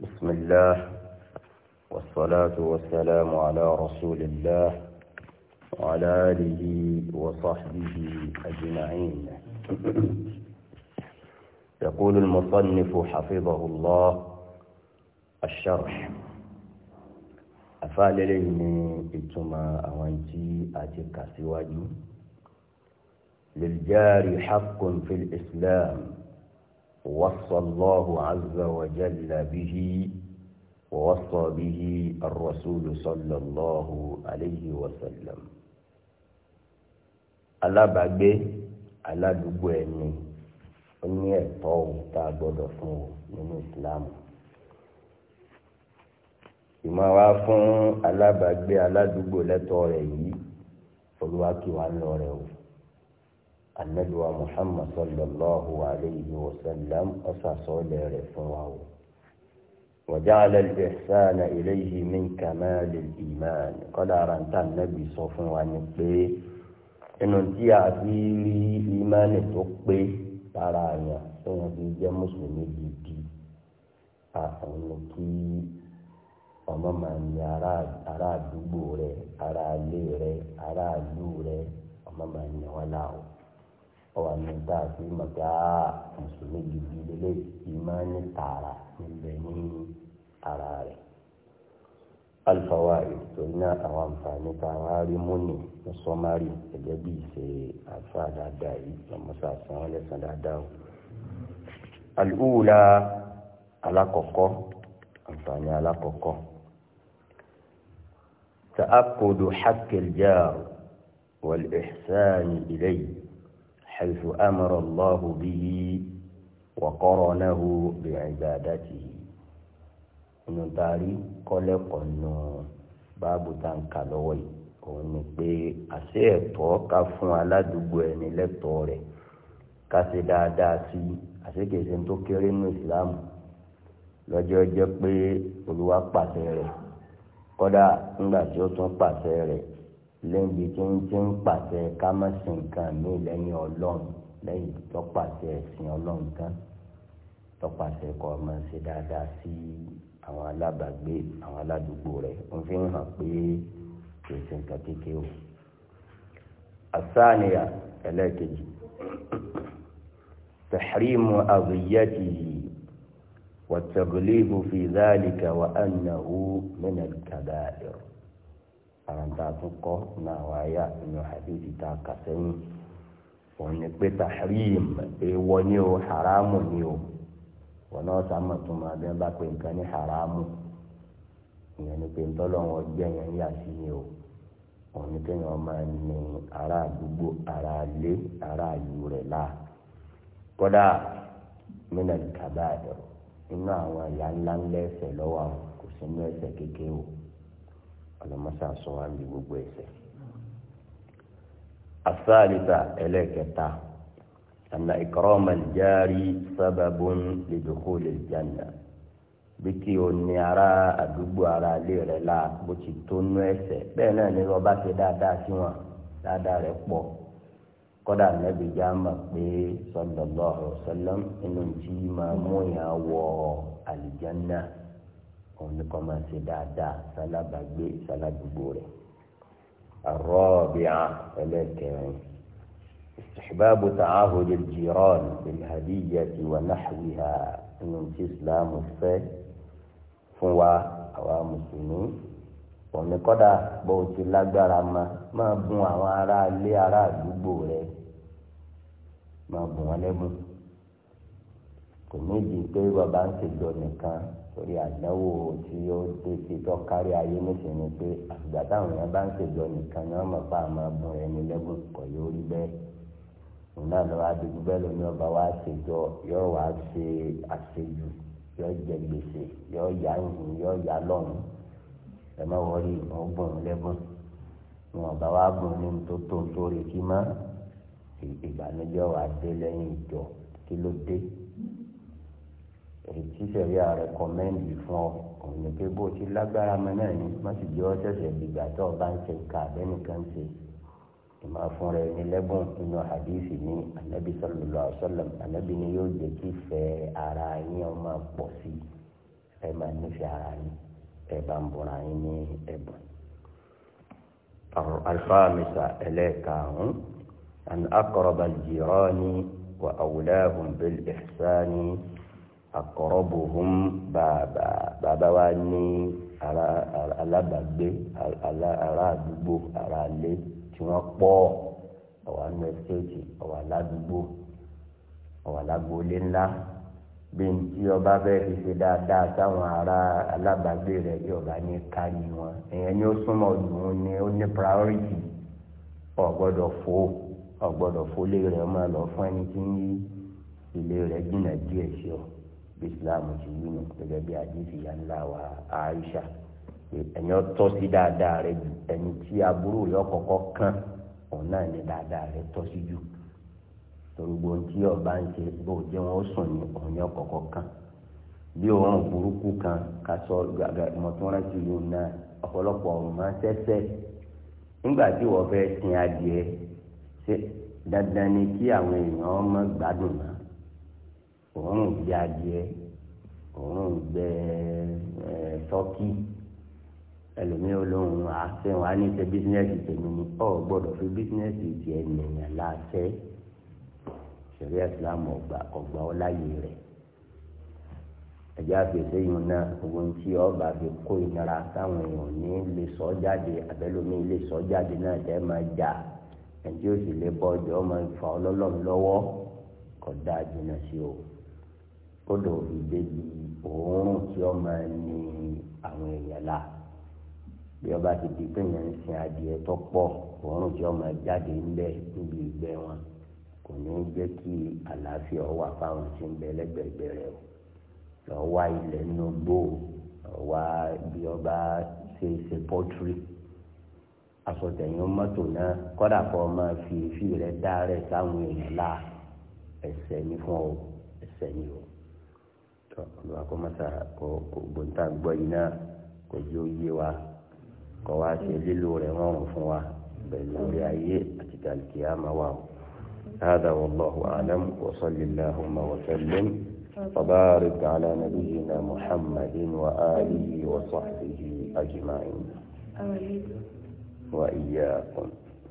بسم الله والصلاة والسلام على رسول الله وعلى آله وصحبه أجمعين يقول المصنف حفظه الله الشرح أفعل لهم إتما أوانتي أتكا سواجي للجار حق في الإسلام وصى الله عز وجل به ووصى به الرسول صلى الله عليه وسلم alábàgbé aládùúgbò ẹni ó ní ẹ̀tọ́ ohun tá a gbọ́dọ̀ fún o nínú ìsìláàmù ìmọ̀ wa fún alábàgbé aládùúgbò lẹ́tọ̀ọ́ rẹ̀ yìí olúwa kí wa lọ rẹ̀ o anabiwa muhammad sallallahu alayhi wa sallam ọ̀sàsọ́lẹ̀ rẹ̀ fún wa o. وجعل الإحسان إليه من كمال الإيمان قال أرانتا النبي صلى الله عليه وسلم inú tí a fi rí ìmánì tó pé tara àyàn tó wọn fi jẹ mùsùlùmí gidi àwọn ni kí ọmọ máa ní ará àdúgbò rẹ ará ilé rẹ ará ìlú rẹ ọmọ máa ní wọn láwọn ọwọ́ àmì tá a fi mọ̀ pé a ah, mùsùlùmí gidi lélẹ̀ ìmánì tààrà níbẹ̀ ní ara rẹ̀. alfawaid torí náà àwọn àǹfààní tá a wá rí múni ní sọmárì gẹ́gẹ́ bí ìṣe àfa dáadáa yìí lọ́mọ́sá san wọ́n dáadáa o. alùwùlà alákọ̀ọ́kọ́ àǹfààní alákọ̀ọ́kọ́ ta'akudu haqqil jar wal ihsan ilayhi. حيث أمر الله به وقرنه بعبادته نتاري قل قلنا باب تنكالوي òun ni pé àṣẹ ẹ̀tọ́ ká fún aládùúgbò ẹni lẹ́tọ̀ọ́ rẹ̀ ká ṣe dáadáa sí àṣekèṣe tó kéré lọ́jọ́ jẹ́ pé olúwa pàṣẹ rẹ̀ ńgbà tí ó tún pàṣẹ rẹ̀ lẹ́yìn tí ń ti ń pàṣẹ ká má sin nǹkan mi lẹ́yìn ọlọ́run lẹ́yìn tó pàṣẹ ẹ̀sìn ọlọ́run tán tó pàṣẹ kọ́ ọmọ ṣe dáadáa sí àwọn alábàágbé àwọn aládùúgbò rẹ̀ ń fi hàn pé kì í ṣe nǹkan kékeré o. àsáàníyà ẹlẹ́ẹ̀kejì tàhírímù àbíyẹ́tìyì wàtàgùlẹ́bù fi dhalika wà ánàhù min al-kabā'ir àràǹtà tó kọ́ ní àwọn àyà nínú hadithi tá a kà sẹ́yìn òun ni pé tahrim èèwọ̀ ni o haramu ni o wọn náà sàmà tó máa bẹ́ẹ̀ bá pé nǹkan ní haramu ìyẹn ni pé ntọ́lọ́wọ́n jẹ́ yẹn yà sí ni o òun ni kéèyàn máa ní ará àdúgbò ará ilé ará ìlú rẹ̀ láà kódà mínà ìkàbá inú àwọn ìyá ńlá ńlá lọ́wọ́ àwọn kò sínú ẹsẹ̀ kékeré o ọlọmọsà sọ wá níbi gbogbo ẹsẹ. asáàlìta ẹlẹ́kẹta ana ìkọ́rọ́mà járí sábàbù lìdókò lè jàǹdà bí kí o ní ara àdúgbò ara ilé rẹ la bó ti tó nú ẹsẹ bẹ́ẹ̀ náà ni ọba ṣe dáadáa sí wọn dáadáa rẹ pọ̀ kọ́dà nẹ́bí já mà pé sallallahu alaihi wasallam inú tí máa mú yàn òun ni kọ́ máa ṣe dáadáa sálábàgbé sáládùúgbò rẹ̀ arọ́ọ̀bìà ẹlẹ́kẹrin istihbabu ta'ahud al-jiran bilhadiyyati wa nahwiha inú tí islam fẹ́ fún wa àwa mùsùlùmí òun ni kọ́dà bó ti lágbára ma máa bùn àwọn ará ilé ará àdúgbò rẹ̀ máa bùn wọn lẹ́bùn kò nídìí pé bàbá ń ṣèjọ nìkan torí àdánwò tí ó dé sí tó kárí ayé níṣẹ́ ni pé àgbà táwọn èèyàn bá ń ṣèjọ nìkan ni wọ́n mọ̀ pé àmọ́ bùn ẹni lẹ́gùn kọ̀ yóò rí bẹ́ẹ̀ òun náà lọ́wọ́ adigun bẹ́ẹ̀ lómi ọba wa ṣèjọ yóò wá ṣe àṣejù yóò jẹ gbèsè yóò yá ìhìn yóò yá lọ́hùn ẹ má wọrí ìwọ̀n bùn lẹ́gùn wọn ọba wa bùn ní tó tó sórí kí má ìbànújẹ́ wà dé lẹ́yìn ìjọ kí ló dé èyí tí sẹ̀rí ààrẹ kọ́mẹ́ǹdì fún ọ òun ni pé bó ti lágbára mọ náà ni má sì jẹ́ ọ́ ṣẹ̀ṣẹ̀ dìgbà tó o bá ń ṣe nǹkan àbẹ́nìkan ṣe ìmọ̀ fún rẹ ní lẹ́bùn inú hadithi ní anabi sallallahu alaihi wasallam anabi ni yóò jẹ́ kí fẹ́ ara yín ó pọ̀ sí ẹ máa nífẹ̀ẹ́ ara yín ẹ bá ń bọ̀ra yín ní ẹ̀bùn. alfaamisa ẹlẹ́ẹ̀karùn-ún an aqraba al-jirani wa awlahum bil ihsani akọrọbuhum bàbà bàbá wa ní ara alábàgbé ara àdúgbò ara alé tí wọ́n pọ̀ ọwọ anú ẹsẹẹjì ọwọ aládùúgbò ọwọ alágboolé ńlá bí n tí ọba bẹ́ẹ̀ fi ṣe dáadáa sáwọn ará alábàgbé rẹ̀ bí ọba ní kárí wọn èèyàn ni ó súnmọ́ ọdún ni ó ní priority ó gbọ́dọ̀ fò ó gbọ́dọ̀ fò lé rẹ̀ ó máa lọ fún ẹni tí ń yí ilé rẹ̀ jìnnà díẹ̀ sí ọ. islam ti wí nù gẹ́gẹ́ bí àdìsí ya ńlá wa aisha ẹni ọtọ sí dáadáa rẹ ju ẹni tí aburú rẹ ọkọkọ kan òun náà ní dáadáa rẹ tọ́ sí jù torúgbó tí ọba ń ṣe bó wọn ó sùn ní òun kan bí òórùn burúkú kan ká sọ gàgà ìmọ̀túnrántì yóò náà ọ̀pọ̀lọpọ̀ ọrụ máa ń nígbà tí wọ́n fẹ́ sin adìẹ ṣe dandan ni kí àwọn èèyàn òórùn gbé adìẹ òórùn gbé ẹ tọ́kì ẹlòmíì olóhùn àṣẹ wọn á ní ṣe bísínẹ́sì tèmi ni ọ gbọ́dọ̀ fi bísínẹ́sì tiẹ̀ nìyẹn láṣẹ ṣẹ̀rí ẹ̀sìlámù ọgbà ọgbà ọláyé rẹ̀ ẹ̀jẹ̀ àfẹsẹ yìí náà ohun tí ọba fi kó ìnira táwọn èèyàn ní lè sọ jáde abẹ́lómi lè sọ jáde náà tẹ́ máa jà ẹ̀jẹ̀ òsì lè bọ́ ọjọ́ máa fa ọlọ́lọ́run lọ́wọ́ kọ́ dáa jìnnà sí o kódò ìbejì òórùn tí ó máa ní àwọn èèyàn la bí ọba ti di pé yẹn ń sin adìẹ tó pọ̀ òórùn tí ó máa jáde ńlẹ̀ níbi ìgbẹ́ wọn kò ní jẹ́ kí àlàáfíà wà fáwọn tí ń bẹ lẹ́gbẹ̀ẹ́gbẹ́ rẹ o lọ wá ilẹ̀ nínú gbó lọ wá bí ọba ṣe ṣe pọ́tírì asọ̀tẹ̀yìn mọ́tò náà kọ́dà kọ́ máa fi èéfì rẹ̀ dá rẹ̀ sáwọn èèyàn la ẹsẹ̀ ní fún ọ ẹsẹ̀ ní o tọ́ ọlọ́wà kó mọ́sà kó gbóńtà gbọ́ iná kó jẹ́ òye wa kó wá ṣe lílo rẹ̀ rọrùn fún wa pẹ̀lú orí ayé àti tàlìkìyàmá wa o. هذا والله أعلم وصل اللهم وسلم وبارك على نبينا محمد وآله وصحبه أجمعين وإياكم